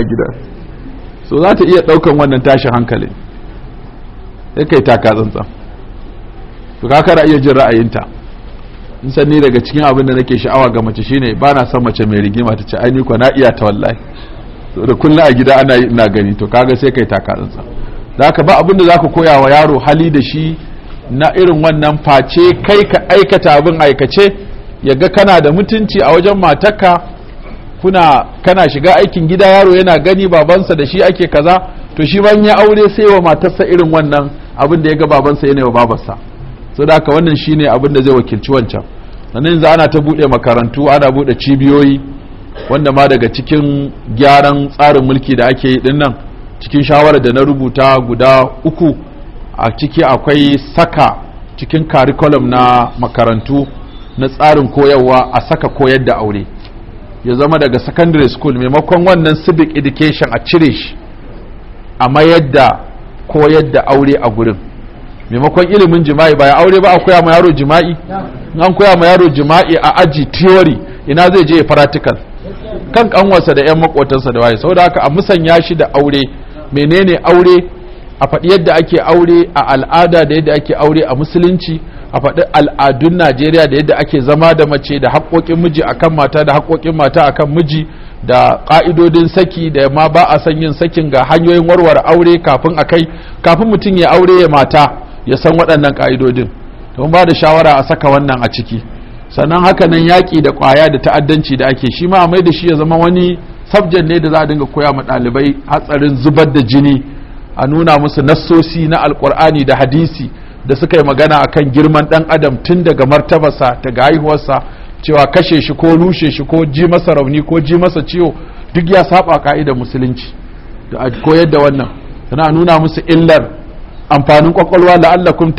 a gida so za ta iya ɗaukan wannan tashin hankalin sai kai taka tsantsan to ka kara iya jin ra'ayinta in san ni daga cikin abin da nake sha'awa ga mace shine ba na son mace mai rigima ta ce ai ni na iya ta wallahi da kullum a gida ana ina gani to kaga sai kai taka tsantsan za ka ba abin da za ka koya wa yaro hali da shi na irin wannan face kai ka aikata abin aikace ya ga kana da mutunci a wajen matarka kuna kana shiga aikin gida yaro yana gani babansa da shi ake kaza to shi ban ya aure sai wa matarsa irin wannan abin da ya ga babansa yana wa babarsa so da haka wannan shine abin da zai wakilci wancan sannan yanzu ana ta buɗe makarantu ana buɗe cibiyoyi wanda ma daga cikin gyaran tsarin mulki da ake yi din nan cikin shawarar da na rubuta guda uku a ciki akwai saka cikin curriculum na makarantu na tsarin koyarwa a saka koyar da aure ya zama daga secondary school maimakon wannan civic education a cire shi a mayar da koyar da aure a gurin maimakon ilimin jima'i ba ya aure ba a koya ma yaro jima'i an koya ma yaro jima'i a aji theory ina zai je practical kan kanwarsa da 'yan makotansa da waye saboda haka a musanya shi da aure menene aure a faɗi yadda ake aure a al'ada da yadda ake aure a musulunci a faɗi al'adun najeriya da yadda ake zama da mace da haƙoƙin miji akan mata da haƙoƙin mata akan miji da ƙa'idodin saki da ma ba a san yin sakin ga hanyoyin warware aure kafin a kai kafin mutum ya aure ya mata ya san waɗannan ƙa'idodin don ba da shawara a saka wannan a ciki sannan haka nan yaƙi da ƙwaya da ta'addanci da ake shi ma a mai da shi ya zama wani sabjan ne da za a dinga koya ma ɗalibai hatsarin zubar da jini a nuna musu nassosi na alkur'ani da hadisi da suka yi magana a kan girman dan adam tun daga martabarsa ga haihuwarsa cewa kashe shi ko rushe shi ko ji masa rauni ko ji masa ciwo duk ya saba ka'idar musulunci da a koyar da wannan sana nuna musu illar amfanin kwakwalwa la'allakum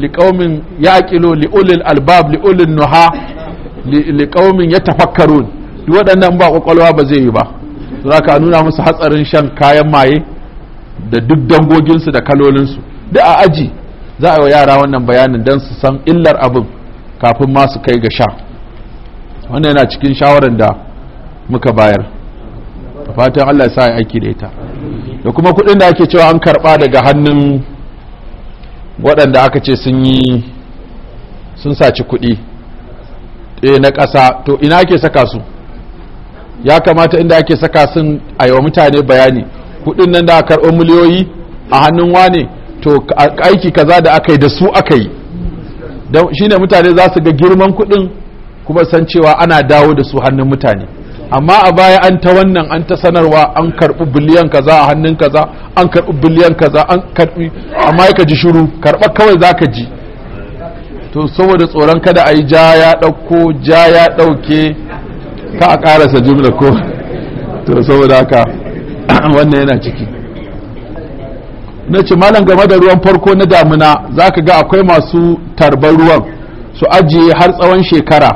liƙaumin ya ya'qilu liulil albab liulil nuha liqaumin yatafakkarun duk waɗannan ba kwakwalwa ba zai yi ba zaka nuna musu hatsarin shan kayan maye da duk dangoginsu da kalolinsu duk a aji za a yi wa yara wannan bayanin don su san illar abin kafin masu kai ga sha wannan yana cikin shawarar da muka bayar da fatan Allah sa aiki da ita da kuma kudin da ake cewa an karba daga hannun waɗanda aka ce sun yi sun saci kudi eh, na ƙasa to ina ake saka su ya kamata inda ake saka sun a yi wa mutane bayani kuɗin nan da aka karɓo miliyoyi a hannun wane to aiki kaza da aka yi da su aka yi shine mutane za su ga girman kuɗin kuma san cewa ana dawo da su hannun mutane amma a baya an ta wannan an ta sanarwa an karɓi biliyan kaza a hannun kaza an karɓi biliyan kaza an karɓi amma ka ji shiru karɓa kawai za ka ji to saboda tsoron kada a yi ja ya ɗauko ja ya ɗauke ka a ƙarasa jimla ko to saboda haka wannan yana ciki na ce malam game da ruwan farko na damina zaka ga akwai masu tarbar ruwan su ajiye har tsawon shekara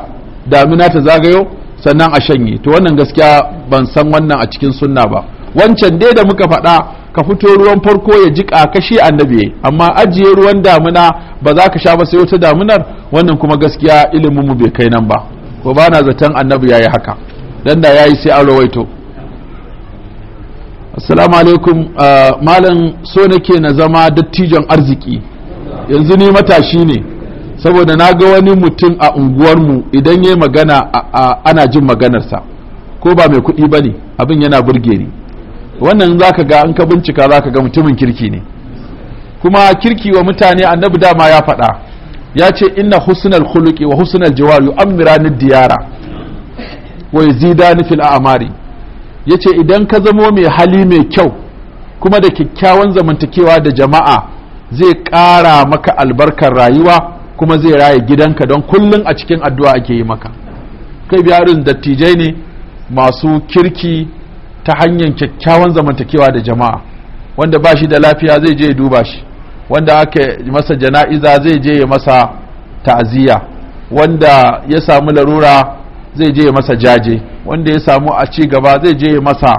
damina ta zagayo sannan a shanye to wannan gaskiya ban san wannan a cikin sunna ba wancan dai da muka faɗa ka fito ruwan farko ya jiƙa kashe annabi amma ajiye ruwan damina ba za ka sha ba sai wata daminar wannan kuma gaskiya ilimin mu bai kai nan ba ko bana zaton annabi yayi haka dan da yayi sai a rawaito assalamu alaikum uh, malam so nake na zama dattijon arziki yanzu ni matashi ne saboda na ga wani mutum a unguwarmu idan ya magana ana jin maganarsa ko ba mai kuɗi ba ne abin yana burge ni wannan za ka ga in ka bincika za ka ga mutumin kirki ne kuma kirki wa mutane annabi dama ya faɗa ya ce inna husnal khuluqi wa husnal jawari yu'ammirani diyara wa yazidani fil a'mari ya ce idan ka zamo mai hali mai kyau kuma da kyakkyawan zamantakewa da jama'a zai ƙara maka albarkar rayuwa kuma zai raye gidanka don kullum a cikin addu'a ake yi maka kai biyarin dattijai ne masu kirki ta hanyar kyakkyawan zamantakewa da jama'a wanda ba shi da lafiya zai je duba shi wanda aka masa jana'iza zai je ya masa ta'aziyya wanda ya samu larura zai je ya masa jaje wanda ya samu a ci gaba zai je ya masa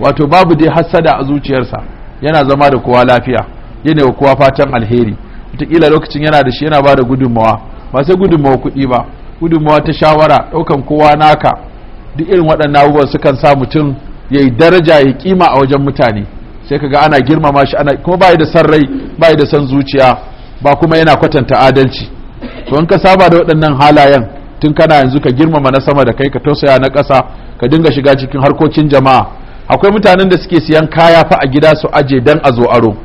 wato babu dai hassada a zuciyarsa yana zama da kowa lafiya yana wa kowa fatan alheri wataƙila lokacin yana da shi yana ba da gudunmawa ba sai gudunmawa kuɗi ba gudunmawa ta shawara ɗaukan kowa naka duk irin waɗannan abubuwan sukan sa mutum ya yi daraja ya kima a wajen mutane sai kaga ana girmama shi ana kuma bai da san rai bai da san zuciya ba kuma yana kwatanta adalci to in ka saba da waɗannan halayen tun kana yanzu ka girmama na sama da kai ka tausaya na ƙasa ka dinga shiga cikin harkokin jama'a akwai mutanen da suke siyan kaya fa a gida su aje dan a zo aro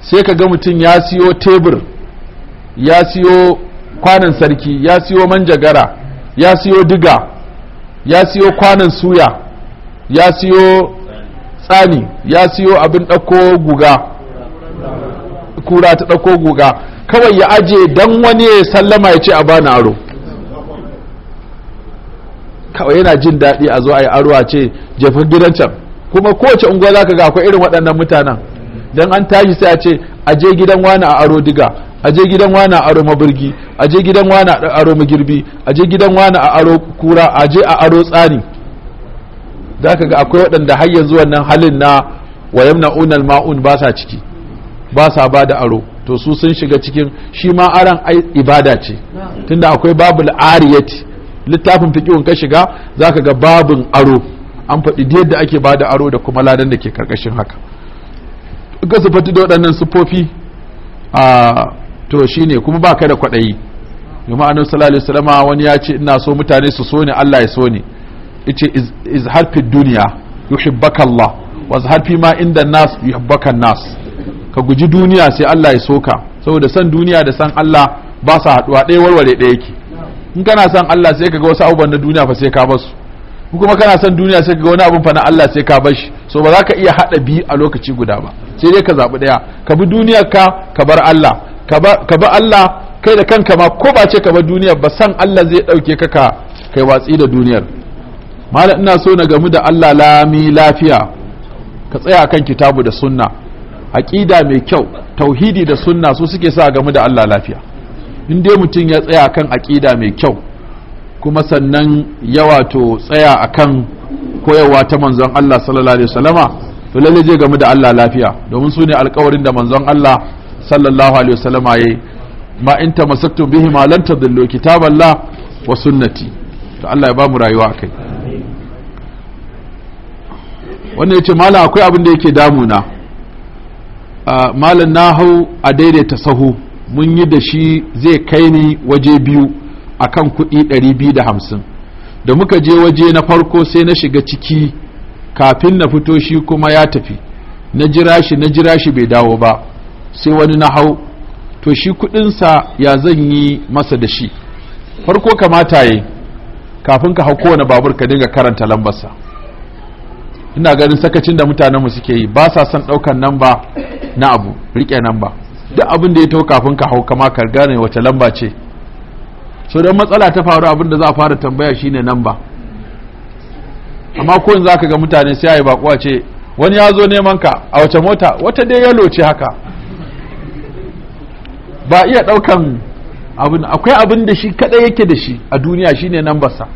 sai ka ga mutum ya siyo tebur ya siyo kwanan sarki ya siyo manjagara ya siyo diga ya siyo kwanan suya ya siyo tsani ya siyo abin ɗauko guga kura ta ɗauko guga kawai ya aje dan wani ya sallama ya ce a bani aro kawai yana jin daɗi a zo a yi aro a ce jefin gidan can kuma kowace unguwa za ka ga akwai irin waɗannan mutanen don an tashi sai a ce aje gidan wani a aro diga aje gidan wani a aro maburgi aje gidan wani a aro magirbi aje gidan wani a aro kura aje a aro tsani za ka ga akwai waɗanda har yanzu wannan halin na na'unan ma'un ba sa ciki ba sa ba da aro to su sun shiga cikin shi ma aran ibada ce tunda akwai Babu ariyati littafin fiqhun ka shiga zaka ga babun aro an faɗi yadda ake ba da aro da kuma ladan da ke karkashin haka su sufati da waɗannan sufofi a to shine kuma baka da kwaɗayi domin annabi sallallahu alaihi wasallam wani ya ce ina so mutane su so ni Allah ya so ni yace izhar fid dunya yuhibbaka Allah wazhar fi ma inda nas yahbakan nas ka guji duniya sai Allah ya soka saboda san duniya da san Allah ba sa haduwa ɗaya warware ɗaya yake in kana san Allah sai ka ga wasu abubuwan na duniya fa sai ka basu kuma kana san duniya sai ka wani abun fa na Allah sai ka bashi so ba za ka iya hada biyu a lokaci guda ba sai dai ka zabi daya ka bi duniyar ka ka bar Allah ka bi Allah kai da kanka ma ko ba ce ka bar duniya ba san Allah zai dauke ka ka kai watsi da duniyar malam ina so na gamu da Allah lami lafiya ka tsaya kan kitabu da sunna aqida mai kyau tauhidi da sunna su suke sa gamu da Allah lafiya in dai mutum ya tsaya kan aqida mai kyau kuma sannan ya wato tsaya akan koyarwa ta manzon Allah sallallahu alaihi wasallama to lalle je game da Allah lafiya domin su ne alkawarin da manzon Allah sallallahu alaihi wasallama yayi ma in tamassaktum bihi ma lan tadillu kitaballah wa sunnati to Allah ya ba mu rayuwa akai wannan ya ce malam akwai abin da yake damuna malam na hau a daidaita sahu mun yi da shi zai kai ni waje biyu a kan kuɗi ɗari biyu da hamsin da muka je waje na farko sai na shiga ciki kafin na fito shi kuma ya tafi na jira shi na jira shi bai dawo ba sai wani na hau to shi kuɗinsa ya zan yi masa da shi farko kamata yi kafin ka hau kowane babur ka dinga karanta lambarsa ina ganin sakacin da mutanenmu suke yi ba sa son ɗaukan namba na abu riƙe namba duk abin da ya tau kafin ka hau kama ka gane wace lamba ce so don matsala ta faru abin da za a fara tambaya shine namba amma ko in za ga mutane sai ya bakuwa ce wani ya zo neman ka a wace mota wata dai yalo ce haka ba iya ɗaukan abin akwai abin da shi kaɗai yake da shi a duniya shine nambarsa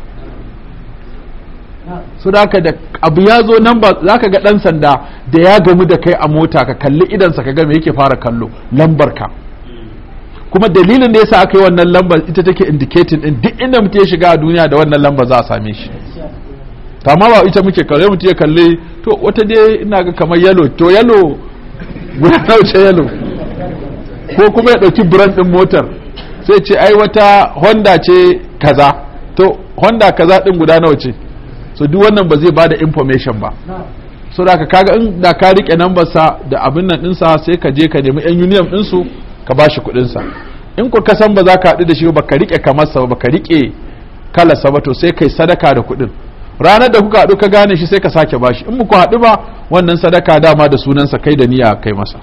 su da da abu ya zo nan ba za ka ga ɗan sanda da ya gamu da kai a mota ka kalli idansa ka ga me yake fara kallo lambar ka kuma dalilin da yasa aka yi wannan lambar ita take indicating din duk inda mutum ya shiga a duniya da wannan lambar za a same shi ta ma ba ita muke kalli mutum ya kalli to wata dai ina ga kamar yalo to yalo guda nauce yalo ko kuma ya ɗauki brand ɗin motar sai ce ai wata honda ce kaza to honda kaza ɗin guda nawa ce so duk wannan ba zai ba da information ba so da ka kaga in da ka rike number sa da abin nan ɗinsa sai ka je ka nemi yan union ɗinsu ka ba shi kuɗinsa in ku ka ba za ka haɗu da shi ba ka rike kamar sa ba ka rike kala sa ba to sai kai sadaka da kuɗin ranar da kuka haɗu ka gane shi sai ka sake bashi in ku haɗu ba wannan sadaka dama da sunansa kai da niyya kai masa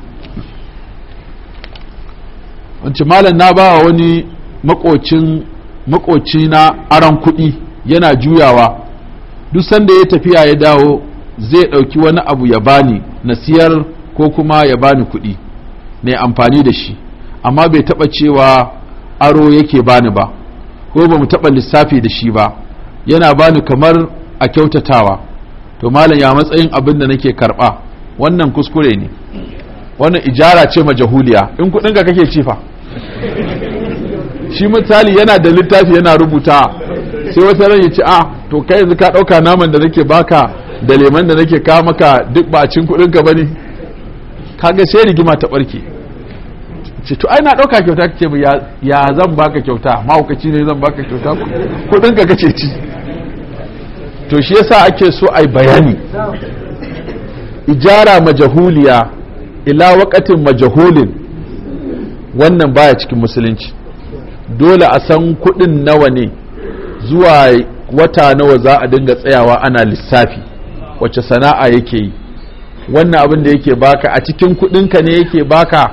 wance malam na ba wani makocin makocina aron kuɗi yana juyawa duk sanda ya tafiya ya dawo zai ɗauki wani abu ya bani na siyar ko kuma ya bani kuɗi na amfani da shi amma bai taɓa cewa aro yake bani ba ko ba mu taɓa lissafi da shi ba yana bani kamar a kyautatawa to malam ya matsayin abin da nake karɓa wannan kuskure ne wannan ijara ce ma jahuliya in ka kake cifa shi misali yana da littafi yana rubuta sai wata ran ya ce a ah, to kai yanzu ka ɗauka naman da nake baka da leman da nake ka maka duk ba cin kuɗin ka bane kaga sai rigima ta barke ce to ai na ɗauka kyauta kace mu ya zan baka kyauta mahaukaci ne zan baka kyauta kudin ka kace ci to shi yasa ake so ai bayani ijara majahuliya ila waqatin majahulin wannan baya cikin musulunci dole a san kuɗin nawa ne zuwa wata nawa za a dinga tsayawa ana lissafi wacce sana'a yake yi wannan abin da yake baka a cikin kudinka ne yake baka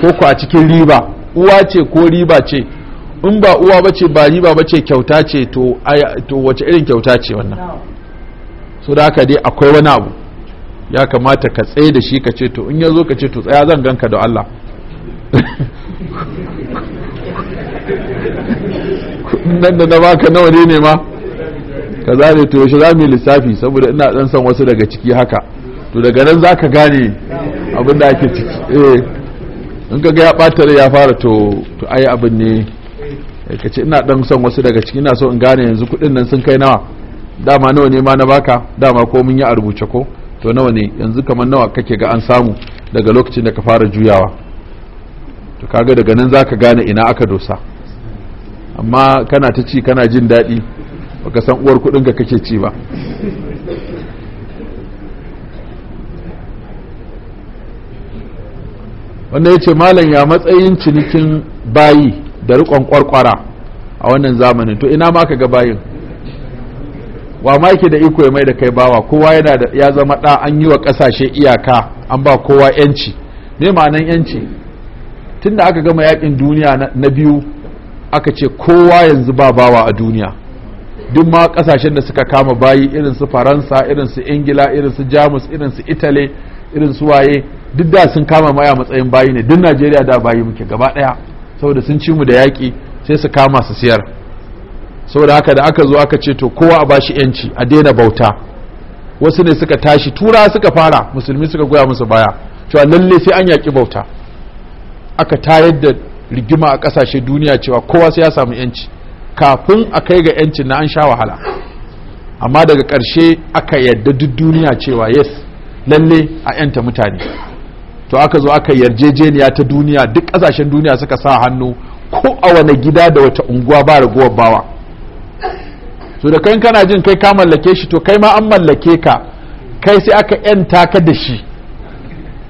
ko ku a cikin riba uwa ce ko riba ce in ba uwa bace ba riba bace kyauta ce to to wace irin kyauta ce wannan so da haka dai akwai wani abu ya kamata ka tsaye da shi ka ce to in ya zo ka ce to tsaya zan ganka da Allah nan da na baka nawa ne ne ma kaza ne to yaushe za mu yi lissafi saboda ina dan san wasu daga ciki haka to daga nan zaka gane abin da ake ciki eh in ka ga ya ɓata ya fara to to ai abin ne eh, ka ce ina dan son wasu daga ciki ina so in gane yanzu kuɗin nan sun kai nawa dama nawa ne ma na baka dama ko mun yi a rubuce ko to nawa ne yanzu kamar nawa kake ga an samu daga lokacin da ka fara juyawa to kaga daga nan zaka gane ina aka dosa amma kana ta ci kana jin daɗi baka san uwar kuɗin ka kake ci ba wanda ya ce malam ya matsayin cinikin bayi da riƙon ƙwarƙwara a wannan zamanin to ina maka ga bayin wa ma yake da iko ya mai da kai bawa kowa yana da ya zama ɗa an yi wa ƙasashe iyaka an ba kowa yanci me ma'anan yanci da aka gama yaƙin duniya na biyu aka ce kowa yanzu ba bawa a duniya duk ma kasashen da suka kama bayi irin su faransa irin su ingila irin su jamus irin su italy irin su waye duk da sun kama maya matsayin bayi ne duk najeriya da bayi muke gaba daya saboda sun ci mu da yaki sai su kama su siyar saboda haka da aka zo aka ce to kowa a bashi yanci a daina bauta wasu ne suka tashi tura suka fara musulmi suka goya musu baya cewa lalle sai an yaki bauta aka tayar da rigima a kasashe duniya cewa kowa sai ya samu yanci kafin a kai ga yancin na an sha wahala amma daga ƙarshe aka yarda duk duniya cewa yes lalle a yanta mutane to aka zo aka yarjejeniya ta duniya duk ƙasashen duniya suka sa hannu ko a wani gida da wata unguwa ba raguwar bawa to da kan kana jin kai ka mallake shi to kai ma an mallake ka kai sai aka yanta ka da shi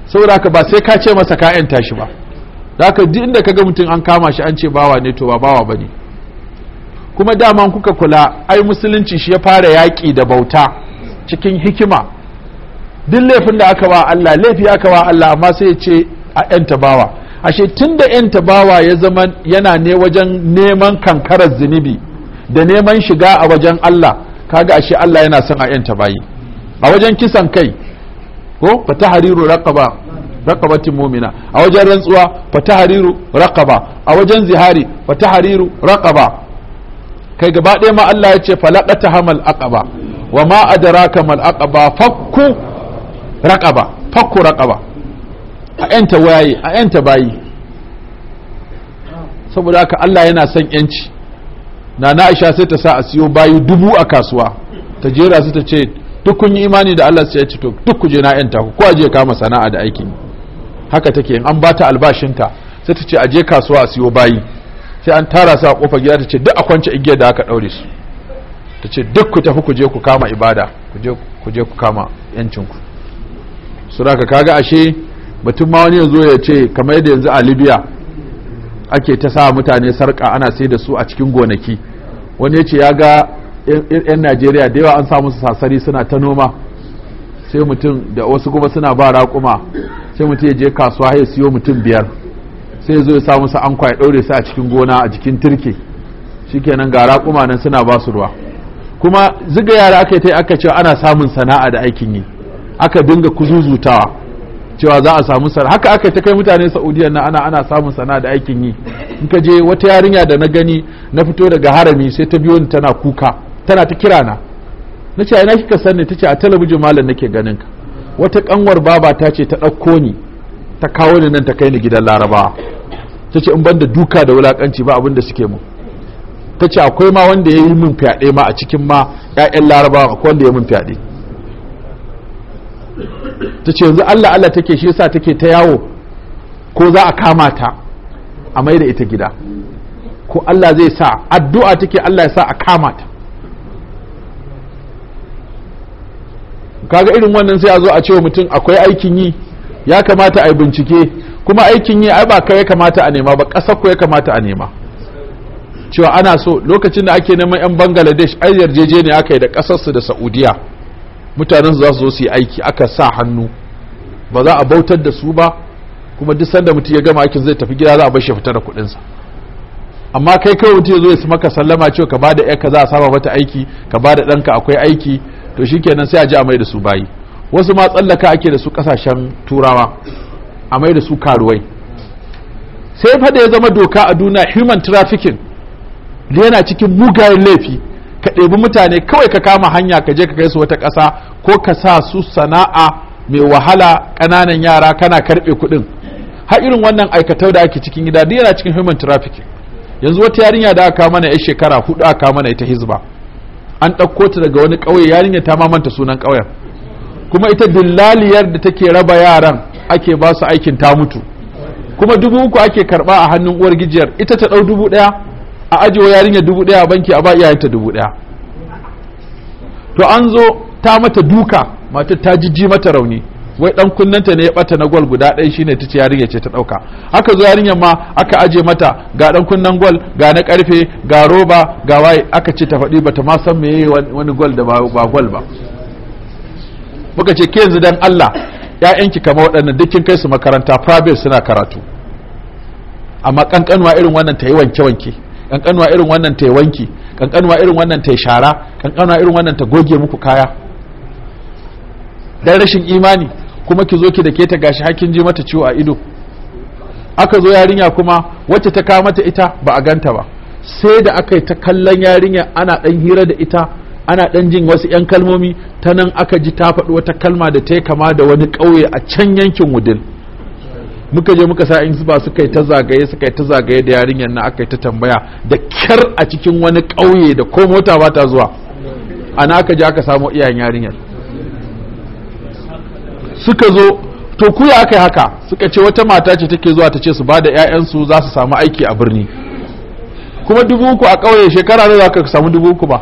saboda ka ba sai ka ce masa ka yanta shi ba zaka duk inda kaga mutum an kama shi an ce bawa ne to ba bawa bane kuma dama kuka kula ai musulunci shi ya fara yaƙi da bauta cikin hikima duk laifin da aka ba Allah laifi aka ba Allah amma sai ya ce a yan tabawa ashe tunda yan tabawa ya zama yana ne wajen neman kankarar zunubi da neman shiga a wajen Allah kaga ashe Allah yana son a yan tabayi a wajen kisan kai ko fata hariru raqaba raqabatin mu'mina a wajen rantsuwa Fatahariru tahriru raqaba a wajen zihari fa tahriru raqaba kai gaba ɗaya ma Allah ya ce falaqata hamal aqaba wa ma adraka mal aqaba fakku raqaba fakku raqaba a yanta waye a yanta bayi saboda haka Allah yana son yanci na na sai ta sa a siyo bayi dubu a kasuwa ta jera su ta ce duk kun yi imani da Allah sai ya ce to duk ku je na yanta ku ko je kama sana'a da aikin haka take in an bata albashinta sai ta ce aje kasuwa a siyo bayi sai an tara su a kofar gida ta ce duk a kwance igiyar da aka daure su ta ce duk ku tafi ku je ku kama ibada ku je ku kama ku su ka kaga ashe mutum ma wani yanzu ya ce kamar yadda yanzu a libya ake ta sa mutane sarka ana sai da su a cikin gonaki wani ya ce ya ga 'yan najeriya da yawa an samu sasari suna ta noma sai mutum da wasu kuma suna ba raƙuma sai mutum ya je kasuwa ya siyo mutum biyar sai zo ya sa musu ankwa ya ɗaure su a cikin gona a jikin turke shikenan ga raƙuma nan suna ba su ruwa kuma ziga yara aka ta aka cewa ana samun sana'a da aikin yi aka dinga kuzuzutawa cewa za a samu sana'a haka aka ta kai mutane saudiya na ana ana samun sana'a da aikin yi in ka je wata yarinya da na gani na fito daga harami sai ta biyo ni tana kuka tana ta kirana. na na ce ina kika sanni ta ce a talabijin malam nake ganin ka wata kanwar baba ta ce ta ɗauko ni ta kawo ni nan ta kai ni gidan laraba ta ce in ban da duka da wulakanci ba abin suke mu ta ce akwai ma wanda ya yi min fyaɗe ma a cikin ma 'ya'yan laraba akwai wanda ya min fyaɗe ta ce yanzu allah allah take shi yasa take ta yawo ko za a kama ta a mai da ita gida ko allah zai sa addu'a take allah ya sa a kama ta kaga irin wannan sai a zo a cewa mutum akwai aikin yi ya kamata a yi bincike kuma aikin yi ai ba kai ya kamata a nema ba ƙasar ko ya kamata a nema cewa ana so lokacin da ake neman 'yan bangladesh ai yarjejeniya aka yi da ƙasarsu da saudiya mutanen za su zo su yi aiki aka sa hannu ba za a bautar da su ba kuma duk sanda mutum ya gama aikin zai tafi gida za a bashi shi fita da sa amma kai kawai mutum ya zo ya su maka sallama cewa ka bada yarka za a sama mata aiki ka ba da ɗanka akwai aiki to shikenan sai a ji a mai da su bayi wasu ma tsallaka ake da su kasashen turawa a mai da su karuwai sai fa ya zama doka a duniya human trafficking da yana cikin mugayen laifi ka ɗebi mutane kawai ka kama hanya ka je ka kai su wata ƙasa ko ka sa su sana'a mai wahala ƙananan yara kana karɓe kuɗin har irin wannan aikatau da ake cikin gida duk yana cikin human trafficking yanzu wata yarinya da aka mana yar shekara hudu aka mana ita hizba an ɗauko ta daga wani ƙauye yarinya ta mamanta sunan ƙauyen kuma ita dillaliyar da take raba yaran ake ba su aikin ta mutu kuma dubu uku ake karɓa a hannun uwar gijiyar ita ta ɗau dubu ɗaya a ajiye yarinya dubu ɗaya a banki a ba ta dubu ɗaya to an zo ta mata duka matar ta jijji mata rauni wai ɗan kunnanta ne ya bata na gwal guda ɗaya shine ta ce yarinya ce ta ɗauka haka zo yarinyar ma aka aje mata ga dan kunnan gwal ga na karfe ga roba ga waye aka ce ta faɗi bata ma san meye wani gwal da ba gwal ba muka ce ke yanzu dan Allah ƴaƴanki kamar waɗannan duk kin kai su makaranta private suna karatu amma kankanwa irin wannan ta yi wanke-wanke kankanwa irin wannan ta yi wanki kankanwa irin wannan ta yi shara kankanwa irin wannan ta goge muku kaya dan rashin imani kuma ki zo ki da ke ta gashi hakin ji mata ciwo a ido aka zo yarinya kuma wacce ta kawo mata ita ba a ganta ba sai da aka yi ta kallon yarinya ana dan hira da ita ana dan jin wasu yan kalmomi ta nan aka ji ta faɗi wata kalma da ta yi kama da wani ƙauye a can yankin wudil muka je muka sa in ba suka yi ta zagaye suka yi ta zagaye da yarinyar na aka yi ta tambaya da kyar a cikin wani ƙauye da ko mota ba ta zuwa ana aka ji aka samo iyayen yarinyar suka zo to ku ya kai haka suka ce wata mata ce take zuwa ta ce su bada 'ya'yansu za su samu aiki a birni kuma dubu uku a ƙauye shekara ne za ka samu dubu uku ba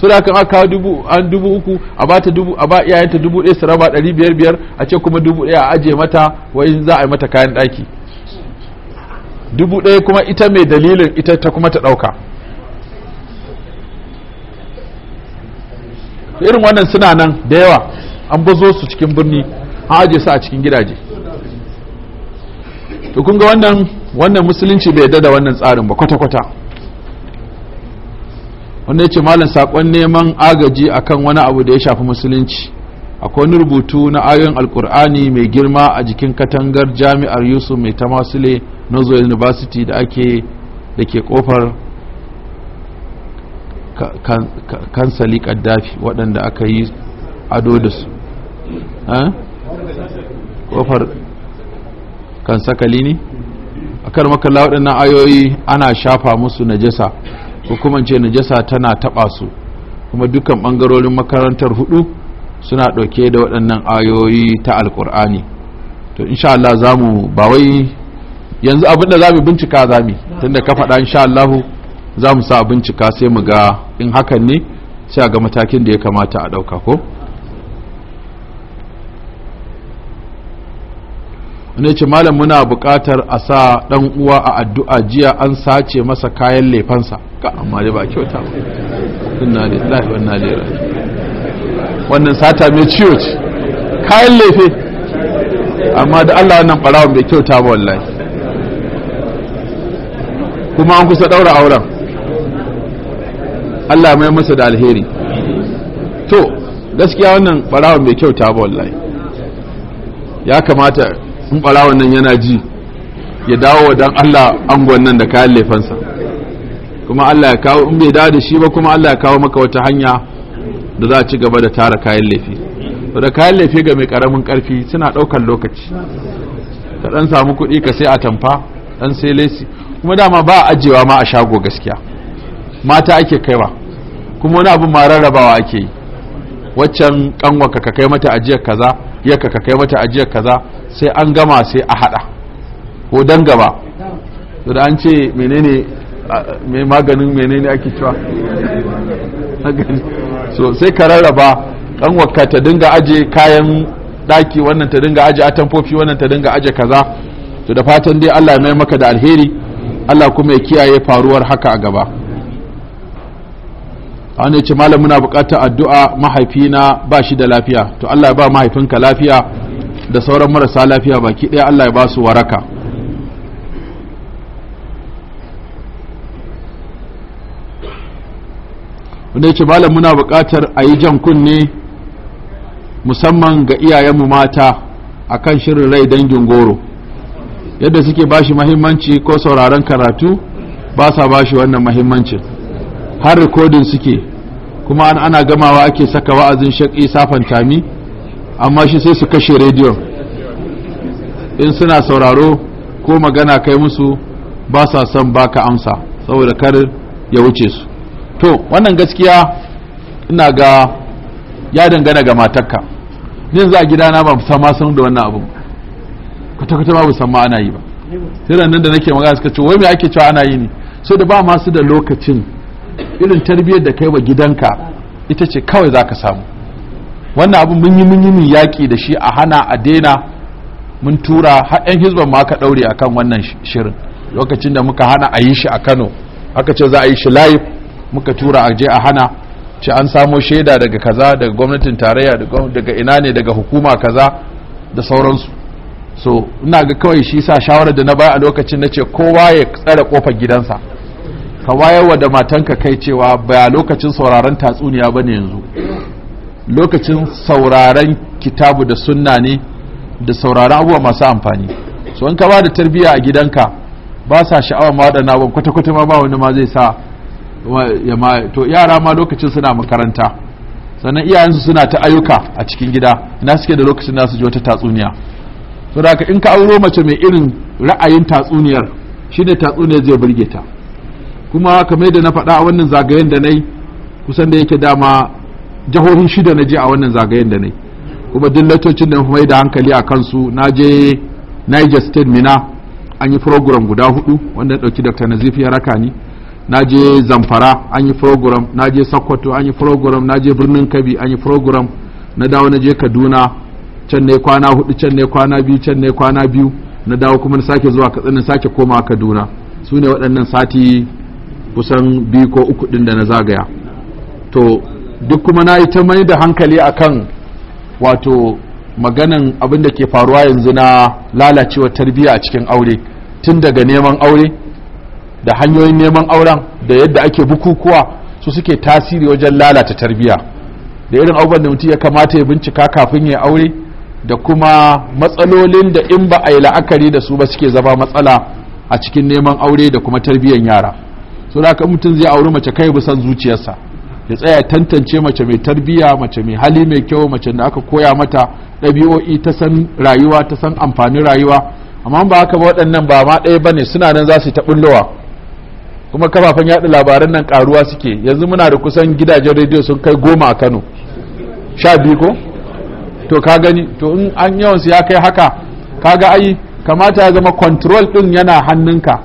su da kan aka dubu an dubu uku a bata dubu a ba iyayenta dubu ɗaya su raba ɗari biyar biyar a ce kuma dubu ɗaya a aje mata wai za a yi mata kayan ɗaki dubu ɗaya kuma ita mai dalilin ita ta kuma ta ɗauka irin wannan suna nan da yawa an bazo su cikin birni an aje su a cikin gidaje to kun ga wannan wannan musulunci bai yadda da wannan tsarin ba kwata-kwata wanda ya ce malam saƙon neman agaji akan wani abu da ya shafi musulunci akwai wani rubutu na ayoyin alkur'ani mai girma a jikin katangar jami'ar yusuf mai tamasile nozo university da ake da ke kofar kansali kaddafi waɗanda aka yi ado da su kofar kan sakali ne a kar makalla waɗannan ayoyi ana shafa musu najasa ko kuma ce najasa tana taɓa su kuma dukkan ɓangarorin makarantar hudu suna ɗauke da waɗannan ayoyi ta alƙur'ani to insha Allah za mu ba yanzu abin da za mu bincika za mu tunda ka faɗa insha Allah za mu sa bincika sai mu ga in hakan ne sai a ga matakin da ya kamata a ɗauka ko wani ce malam muna buƙatar a sa ɗan uwa a addu'a jiya an sace masa kayan lefansa ka amma dai ba kyauta inna lillahi wa inna ilaihi wannan sata mai ciwo ce kayan lefe amma da Allah wannan barawon bai kyauta ba wallahi kuma an kusa daura auren Allah mai masa da alheri to gaskiya wannan barawon bai kyauta ba wallahi ya kamata in ɓarawon nan yana ji ya dawo wa dan Allah angon nan da kayan laifansa kuma Allah ya kawo in bai dawo da shi ba kuma Allah ya kawo maka wata hanya da za a ci gaba da tara kayan laifi da kayan laifi ga mai karamin karfi suna ɗaukan lokaci ka ɗan samu kuɗi ka sai a tamfa ɗan sai lesi kuma dama ba ajewa ma a shago gaskiya mata ake kaiwa kuma wani abu ma rarrabawa ake yi waccan kanwa ka kai mata ajiyar kaza yaka ka kai mata ajiyar kaza sai an gama sai a hada ko dan gaba da an ce menene mai maganin menene ake cewa so sai ka rarraba wakka ta dinga aje kayan daki wannan ta dinga aje atamfofi wannan ta dinga aje kaza to da fatan dai Allah ya mai maka da alheri Allah kuma ya kiyaye faruwar haka a gaba wani ce malam muna buƙatar addu'a mahaifina ba shi da lafiya to Allah ya ba mahaifinka lafiya da sauran marasa lafiya baki ɗaya Allah ya ba su waraka wani ce malam muna buƙatar a yi jan kunne musamman ga iyayenmu mata a kan shirin rai dangin goro yadda suke ba shi mahimmanci ko sauraron karatu ba sa ba shi wannan mahimmancin har rikodin suke kuma ana gamawa ake saka wa'azin shaƙi safan tami amma shi sai su kashe rediyon in suna sauraro ko magana kai musu ba sa son baka amsa saboda kar ya wuce su to wannan gaskiya ina ga ya dangana ga matakka yin za gida na ba san ma san da wannan abu kwata-kwata ba san ma ana yi ba sai nan da nake magana suka ce wai me ake cewa ana yi ne sai da ba masu da lokacin irin tarbiyyar da kai wa gidanka ita ce kawai za ka samu wannan abin mun yi mun yi mun yaƙi da shi a hana a daina mun tura haɗin hizban ma ka ɗaure akan wannan shirin lokacin da muka hana a yi shi a kano aka ce za a yi shi live muka tura a je a hana ce an samo shaida daga kaza daga gwamnatin tarayya daga ina ne daga hukuma kaza da sauransu so ina ga kawai shi sa shawarar da na ba a lokacin na ce kowa ya tsare kofar gidansa ka wa da matanka kai cewa ba lokacin sauraron tatsuniya ba ne yanzu lokacin sauraron kitabu da sunna ne da sauraron abubuwa masu amfani so in ka ba da tarbiyya a gidanka ba sa sha'awa ma waɗannan ban kwata-kwata ma ba wani ma zai sa to yara ma lokacin suna makaranta sannan iyayensu suna ta ayyuka a cikin gida ina suke da lokacin nasu ji wata tatsuniya So saboda in ka auro mace mai irin ra'ayin tatsuniyar shine tatsuniyar zai burge ta kuma kamar da na faɗa a wannan zagayen da nai kusan da yake dama jihohin shida na je a wannan zagayen da nai kuma dillatocin da mai da hankali a kansu na je Niger State Mina an yi program guda hudu wanda ɗauki Dr. Nazif ya raka ni na je Zamfara an yi program na je Sokoto an yi program na je birnin Kabi an yi program na dawo na je Kaduna can ne kwana hudu can ne kwana biyu can ne kwana biyu na dawo kuma na sake zuwa Katsina sake koma Kaduna su ne waɗannan sati kusan biyu ko uku ɗin da na zagaya to duk kuma na yi ta mai da hankali akan wato maganan abin da ke faruwa yanzu na lalacewa tarbiyya a cikin aure tun daga neman aure da hanyoyin neman auren da yadda ake bukukuwa su suke tasiri wajen lalata tarbiyya da irin abubuwan da mutum ya kamata ya bincika kafin ya aure da kuma matsalolin da in ba a yi la'akari da su ba suke zama matsala a cikin neman aure da kuma tarbiyyar yara so da ka mutum zai auri mace kai bisan zuciyarsa ya tsaya tantance mace mai tarbiya mace mai hali mai kyau mace da aka koya mata ɗabi'o'i ta san rayuwa ta san amfanin rayuwa amma ba haka ba waɗannan ba ma ɗaya bane suna nan za su ta bullowa kuma kafafen yaɗa labaran nan karuwa suke yanzu muna da kusan gidajen rediyo sun kai goma a kano sha biyu ko to ka gani to in an yawan su ya kai haka kaga ai kamata ya zama control ɗin yana hannunka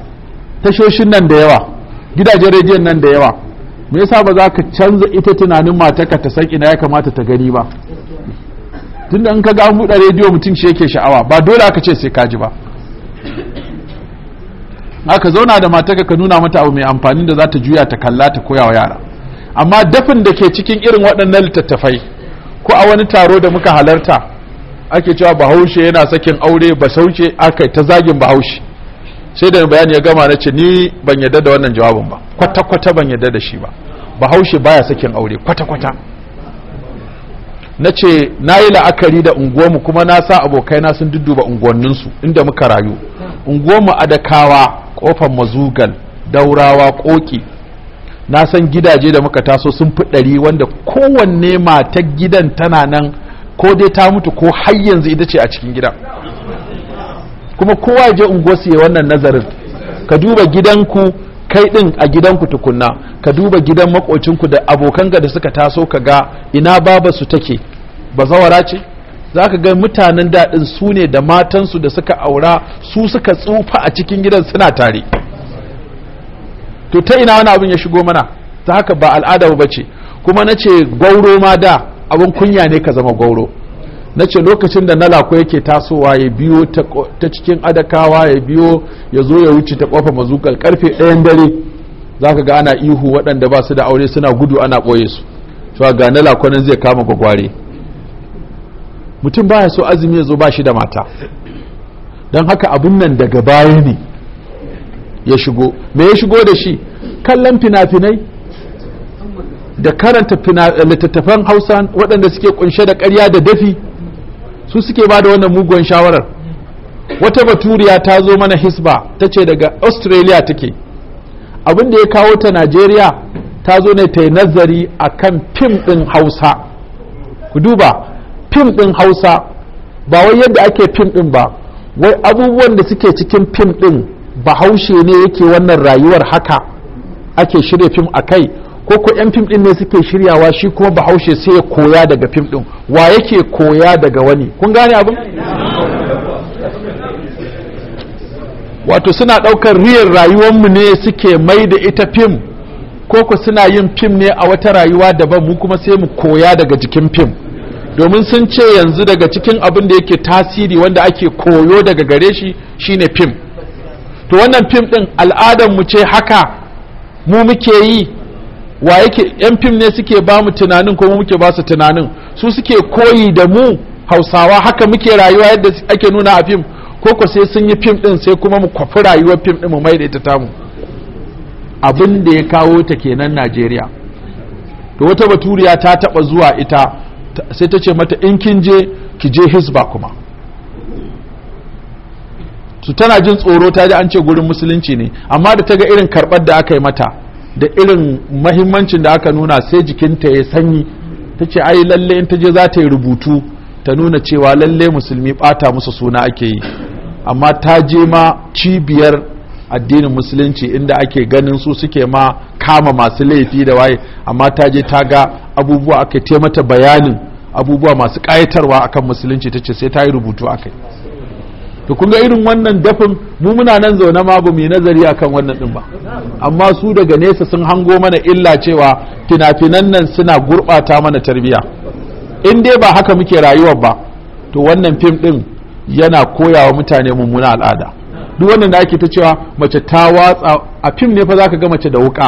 tashoshin nan da yawa gidajen rediyon nan da yawa me yasa ba za ka canza ita tunanin matarka ta san ina ya kamata ta gani ba tunda in ka ga an buɗe rediyo mutum shi yake sha'awa ba dole aka ce sai ka ji ba aka zauna da matarka ka nuna mata abu mai amfani da za ta juya ta kalla ta koya wa yara amma dafin da ke cikin irin waɗannan littattafai ko a wani taro da muka halarta ake cewa bahaushe yana sakin aure ba sauke aka ta zagin bahaushe sai da bayani ya gama na ce ni ban yadda da wannan jawabin ba kwata-kwata ban yadda da shi ba bahaushe baya sakin aure kwata-kwata na ce na yi la'akari da unguwarmu kuma na sa abokaina sun dudduba unguwanninsu inda muka rayu unguwarmu adakawa kofar mazugal daurawa koki na san gidaje da muka taso sun fi ɗari wanda kowanne matar gidan tana nan ko dai ta mutu ko har yanzu ita ce a cikin gida kuma kowa ya je su wannan nazarin ka duba gidanku kai din a gidanku tukunna ka duba gidan makocinku da abokanka da suka taso ka ga ina baba su take zawara ce za ka ga mutanen daɗin su ne da matansu da suka aura su suka tsufa a cikin gidan suna tare to ta ina wani abin ya shigo mana ta haka ba al'ada ba ce kuma na ce gwauro ma da abin kunya ne ka zama gwauro na ce lokacin da na nalako yake tasowa ya biyo ta cikin adakawa ya biyo ya zo ya wuce ta kofa mazukar karfe ɗayan dare za ka ga ana ihu waɗanda ba su da aure suna gudu ana ɓoye su cewa ga nalako nan zai kama gwagware mutum baya so azumi ya zo ba shi da mata don haka abun nan daga baya ne ya shigo me ya shigo da shi kallon fina-finai da karanta littattafan hausa waɗanda suke kunshe da ƙarya da dafi su suke ba da wannan mugun shawarar wata baturiya ta zo mana hisba ta ce daga australia take abin da ya kawo ta najeriya ta zo ne ta yi nazari a kan fim ɗin hausa ku duba fim ɗin hausa ba wai yadda ake fim ɗin ba wai abubuwan da suke cikin fim ɗin bahaushe ne yake wannan rayuwar haka ake shirya fim a kai ko ko yan fim ɗin ne suke shiryawa shi kuma bahaushe sai ya koya daga fim ɗin. wa yake koya daga wani kun gane abin wato suna ɗaukar riyar rayuwarmu ne suke mai da ita fim ko ku suna yin fim ne a wata rayuwa daban mu kuma sai mu koya daga jikin fim domin sun ce yanzu daga cikin abin da yake tasiri wanda ake koyo daga gare shi shine fim to wannan fim ɗin al'adar mu ce haka mu muke yi wa yake yan fim ne suke ba mu tunanin kuma muke ba su tunanin su suke koyi da mu hausawa haka muke rayuwa yadda ake nuna a fim ko ko sai sun yi fim din sai kuma mu kwafi rayuwar fim din mu mai da ita tamu abin da ya kawo ta kenan najeriya to wata baturiya ta taba zuwa ita sai ta ce mata in kin je ki je hisba kuma tana jin tsoro ta ji an ce gurin musulunci ne amma da ta ga irin karɓar da aka yi mata da irin mahimmancin da aka nuna sai jikinta ya sanyi ta ce ai lalle in ta je za ta yi rubutu ta nuna cewa lalle musulmi bata musu suna ake yi amma ta je ma cibiyar addinin musulunci inda ake ganin su suke ma kama masu laifi da waye amma ta je ta ga abubuwa aka taimata bayanin abubuwa masu ƙayatarwa akan musulunci ta ce sai ta yi rubutu akai to kun ga irin wannan dafin mu muna nan zaune ma ba mu yi nazari akan wannan din ba amma su daga nesa sun hango mana illa cewa fina-finan nan suna gurɓata mana tarbiya in dai ba haka muke rayuwa ba to wannan fim din yana koyawa mutane mummuna al'ada duk wannan da ake ta cewa mace ta watsa a fim ne fa zaka ga mace da wuka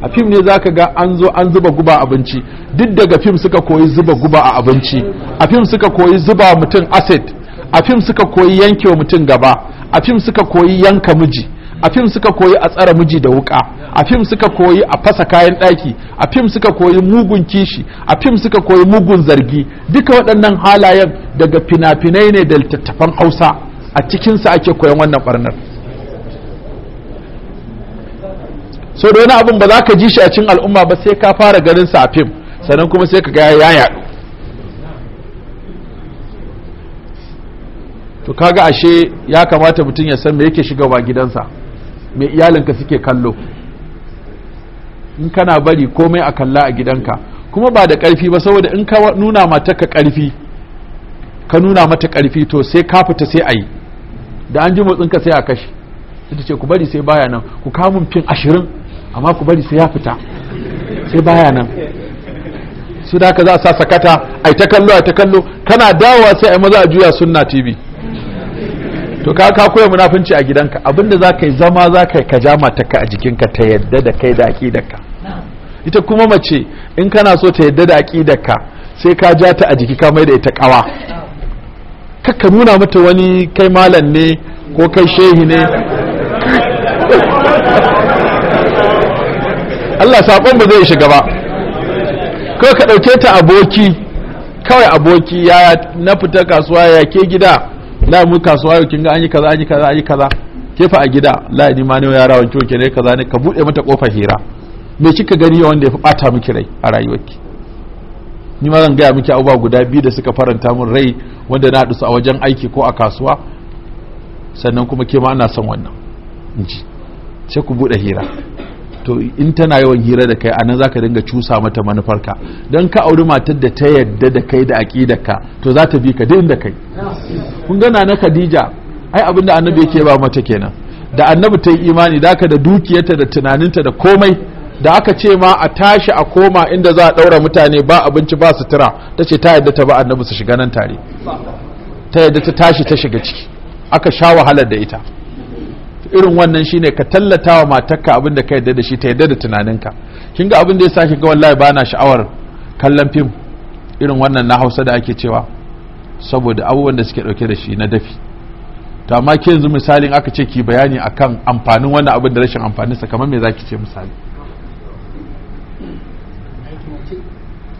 a fim ne zaka ga an zo an zuba guba abinci duk daga fim suka koyi zuba guba a abinci a fim suka koyi zuba mutum acid a fim suka koyi yanke wa mutum gaba a fim suka koyi yanka miji a fim suka koyi a tsara miji da wuka a fim suka koyi a fasa kayan ɗaki a fim suka koyi mugun kishi a fim suka koyi mugun zargi duka waɗannan halayen daga fina-finai ne da littattafan hausa a cikinsa ake koyan wannan ɓarnar so da wani abin ba za ka ji shi a cikin al'umma ba sai ka fara ganin sa a fim sannan kuma sai ka ga ya yaɗu to kaga ashe ya kamata mutum ya san me yake shigawa gidansa me iyalinka suke kallo in kana bari komai a kalla a gidanka kuma ba da ƙarfi ba saboda in ka nuna mata ka ƙarfi ka nuna mata ƙarfi to sai ka fita sai a yi da an ji motsinka sai a kashe ita ce ku bari sai baya nan ku kamun fin ashirin amma ku bari sai ya fita sai baya nan su da ka za a sa sakata a ta kallo a ta kallo kana dawowa sai a maza a juya sunna tv to ka ka koya munafunci a gidanka abinda za ka yi zama za ka yi ka jama ta ka a jikinka ta yadda da kai da aƙidarka ita kuma mace in kana so ta yadda da aƙidarka sai ka ja ta a jiki ka mai da ita kawa kakka nuna mata wani kai malam ne ko kai shehi ne Allah saƙon ba zai shiga ba kawai ka ɗauke ta aboki kawai aboki ya na fita kasuwa ya ke gida la mu kasuwa yau kin ga an yi kaza an yi kaza an yi kaza ke a gida la ni ma ne rawan wanke ke ne kaza ne ka bude mata kofar hira me kika gani wanda ya fi bata miki rai a rayuwarki ni ma zan gaya miki abubuwa guda biyu da suka faranta min rai wanda na hadu su a wajen aiki ko a kasuwa sannan kuma ke ma ana son wannan in ji sai ku buɗe hira to in tana yawan hira da kai anan zaka dinga cusa mata manufarka dan ka auri matar da ta yadda da kai da aqidarka to za ta bi ka duk inda kai kun gana na Khadija ai abinda annabi yake ba mata kenan da annabi ta yi imani da aka da dukiyarta da tunaninta da komai da aka ce ma a tashi a koma inda za a ɗaura mutane ba abinci ba sutura ta ce ta yadda ta ba annabi su shiga nan tare ta yadda ta tashi ta shiga ciki aka sha wahalar da ita irin wannan shine ka tallata wa matarka abin da ka yarda da shi ta yadda da tunaninka kin ga abin da ya sake ga wallahi ba na sha'awar kallon fim irin wannan na hausa da ake cewa saboda abubuwan da suke dauke da shi na dafi to amma ke yanzu misalin aka ce ki bayani akan amfanin wannan abin da rashin amfanin sa kamar me zaki ce misali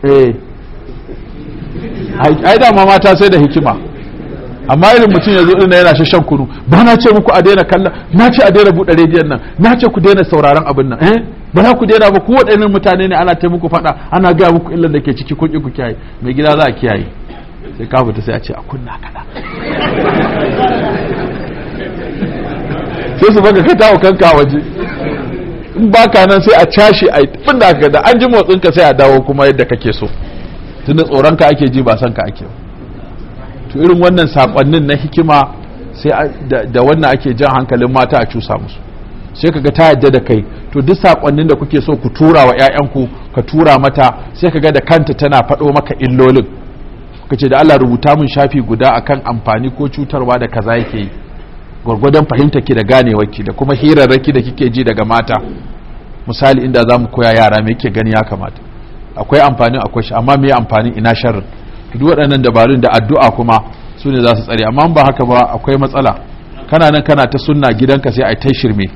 eh ai da mata sai da hikima amma irin mutum yanzu ina yana shan kunu ba na ce muku a daina kalla na ce a daina buɗe rediyon nan na ce ku daina sauraron abin nan eh ba na ku daina ba ku waɗannan mutane ne ana taimako faɗa ana gaya muku illan da ke ciki kun ku kiyaye mai gida za a kiyaye sai ka fita sai a ce a kunna kana sai su baka ka tawo kanka waje in baka nan sai a cashe a tun da aka da an ji motsinka sai a dawo kuma yadda kake so tunda tsoronka ake ji ba sanka ka ake ba to irin wannan sakonnin na hikima sai da wannan ake jan hankalin mata a cusa musu sai kaga ta yadda da kai to duk sakonnin da kuke so ku tura wa 'ya'yanku ka tura mata sai kaga da kanta tana faɗo maka illolin ka ce da Allah rubuta mun shafi guda akan amfani ko cutarwa da kaza yake yi gwargwadon fahimta ki da ganewarki da kuma hirarraki da kike ji daga mata misali inda za mu koya yara me yake gani ya kamata akwai amfani akwai shi amma me amfani ina sharrin duk waɗannan dabarun da addu'a kuma su ne za su tsare amma ba haka ba akwai matsala kana nan kana ta sunna gidanka sai a ta shirme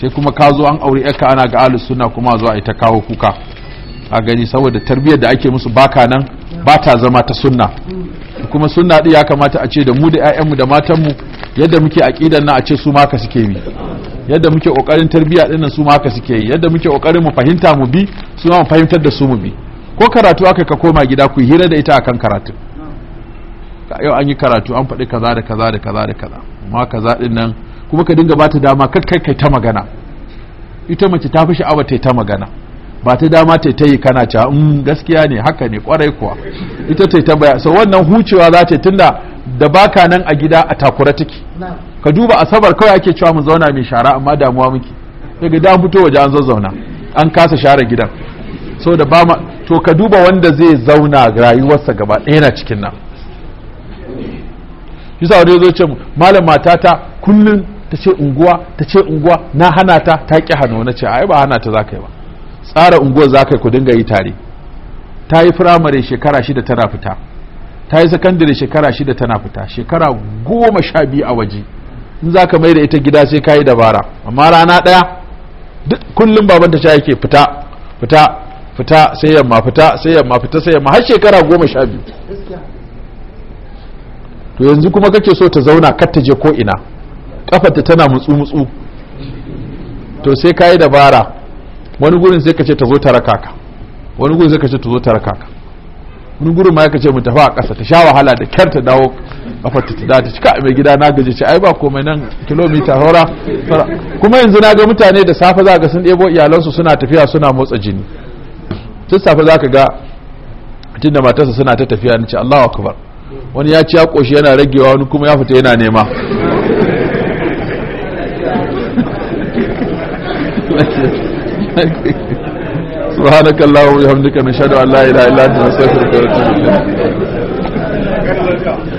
sai kuma ka zo an aure yarka ana ga ahlus sunna kuma zo a yi ta kawo kuka a gani saboda tarbiyyar da ake musu baka nan ba ta zama ta sunna kuma sunna ɗin ya kamata a ce da mu da 'ya'yanmu da matanmu yadda muke aƙidan nan a ce su maka suke bi yadda muke ƙoƙarin tarbiyya ɗin nan su maka suke yi yadda muke ƙoƙarin mu fahimta mu bi su ma mu fahimtar da su mu bi ko karatu aka ka koma gida ku hira da ita akan karatu yau an yi karatu an faɗi kaza da kaza da kaza da kaza amma kaza din nan kuma ka dinga bata dama kar kai kai ta magana ita mace ta fi sha'awa ta ta magana ba ta dama ta ta yi kana ca in mm, gaskiya ne haka ne kwarai kuwa ita ta ta baya so wannan hucewa za ta tunda da baka nan a gida a takura take ka duba asabar kawai ake cewa mu zauna mai shara amma damuwa muke daga da fito waje an zazzauna an kasa share gidan so da ba ma to ka duba wanda zai zauna rayuwarsa gaba ɗaya na cikin nan sa wani zo ce malam matata kullum ta ce unguwa ta ce unguwa na hana ta ta ki hano na ce ai ba hana ta za ba tsara unguwar zaka yi ku dinga yi tare ta yi firamare shekara shida tana fita ta yi sakandare shekara shida tana fita shekara goma sha biyu a waje in za ka mai da ita gida sai ka yi dabara amma rana ɗaya duk kullum babanta ta yake fita fita fita sai yamma fita sai yamma fita sai yamma har shekara goma sha biyu to yanzu kuma kake so ta zauna kar ta je ko ina kafarta tana mutsu mutsu to sai ka yi dabara wani gurin sai ka ce ta zo ta raka ka wani gurin sai ka ce ta zo ta raka ka wani gurin ma ka ce mu tafi a ƙasa ta sha wahala da kyar ta dawo kafarta ta dace cika mai gida na gaji ce ai ba komai nan kilomita hora. kuma yanzu na ga mutane da safe za ga sun ɗebo iyalansu suna tafiya suna motsa jini tun safe za ka ga tunda matarsa suna ta tafiya ni ce Allahu akbar wani ya ci ya koshi yana ragewa wani kuma ya fita yana nema سبحانك اللهم وبحمدك نشهد ان لا اله الا انت نستغفرك ونتوب اليك